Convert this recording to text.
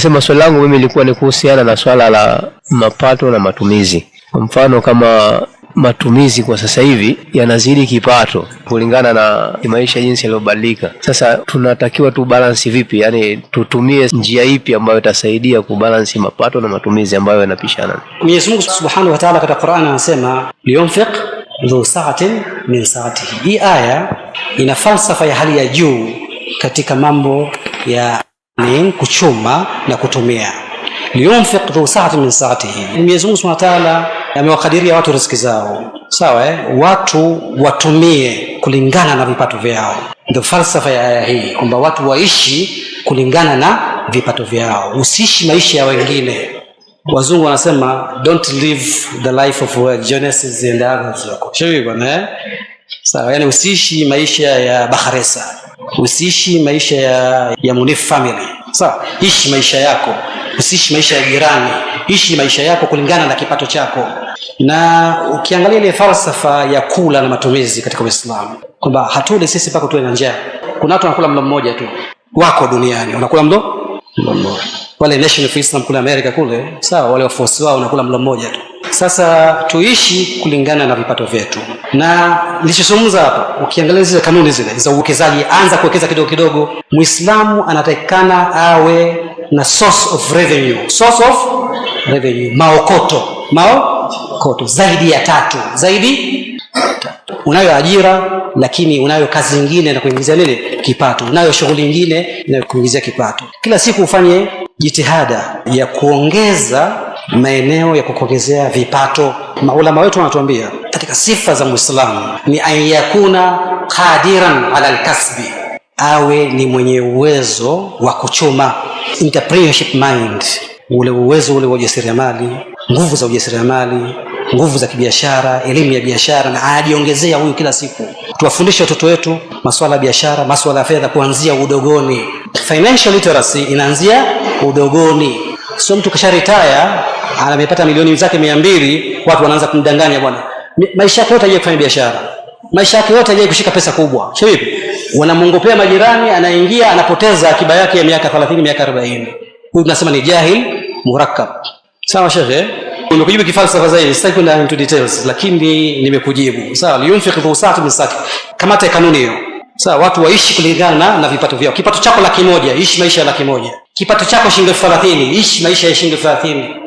Nasema swali langu mimi ilikuwa ni kuhusiana na swala la mapato na matumizi. Kwa mfano kama matumizi kwa sasa hivi yanazidi kipato kulingana na maisha jinsi yaliyobadilika. Sasa tunatakiwa tu tubalansi vipi? Yaani tutumie njia ipi ambayo itasaidia kubalansi mapato na matumizi ambayo yanapishana? Mwenyezi Mungu Subhanahu wa Ta'ala katika Qur'an anasema liyunfiq dhu sa'atin min sa'atihi. Hii aya ina falsafa ya hali ya juu katika mambo ya ni kuchuma na kutumia. Liyunfiq dhu saati min saatihi, Mwenyezi Mungu Subhanahu wa Ta'ala amewakadiria watu riziki zao sawa, eh? Watu watumie kulingana na vipato vyao. Ndio falsafa ya aya hii kwamba watu waishi kulingana na vipato vyao, usiishi maisha ya wengine. Wazungu wanasema don't live the life of Genesis and others, eh? sawa, yani usiishi maisha ya baharesa Usiishi maisha ya, ya Munif family sawa. Ishi maisha yako, usiishi maisha ya jirani, ishi maisha yako kulingana na kipato chako. Na ukiangalia ile falsafa ya kula na matumizi katika Uislamu kwamba hatuli sisi mpaka tuwe na njaa. Kuna watu wanakula mlo mmoja tu wako duniani, wanakula mlo mlo mmoja. Wale Nation of Islam kule Amerika kule, sawa, wale wafuasi wao wanakula mlo mmoja tu sasa tuishi kulingana na vipato vyetu, na nilichozungumza hapa, ukiangalia zile kanuni zile za uwekezaji, anza kuwekeza kidogo kidogo. Muislamu anatakikana awe na source of revenue, source of revenue, maokoto, maokoto zaidi ya tatu, zaidi Unayo ajira lakini unayo kazi nyingine na kuingizia nini kipato, unayo shughuli nyingine kuingizia kipato. Kila siku ufanye jitihada ya kuongeza maeneo ya kukongezea vipato. Maulama wetu wanatuambia katika sifa za Muislamu ni anyakuna qadiran ala alkasbi, awe ni mwenye uwezo wa kuchuma, entrepreneurship mind, ule uwezo ule wa ujasiriamali, nguvu za ujasiriamali nguvu za kibiashara, elimu ya biashara, na anajiongezea huyu kila siku. Tuwafundishe watoto wetu masuala ya biashara, masuala ya fedha kuanzia udogoni. Financial literacy inaanzia udogoni, sio mtu kisha retire amepata milioni zake mia mbili, watu wanaanza kumdanganya bwana, maisha yake yote hajawahi kufanya biashara, maisha yake yote hajawahi kushika pesa kubwa. Sio vipi? Wanamwongopea majirani, anaingia anapoteza akiba yake ya miaka 30, miaka 40. Huyu tunasema ni jahil murakkab. Sawa shekhe, nimekujibu kifalsafa zaidi, sitaki kwenda into details, lakini nimekujibu. Sawa, yunfiqu dhu sa'atin min sa'ati, kama ta kanuni hiyo. Sawa, watu waishi kulingana na vipato vyao. Kipato chako laki moja, ishi maisha ya laki moja. Kipato chako shilingi 30, ishi maisha ya shilingi 30.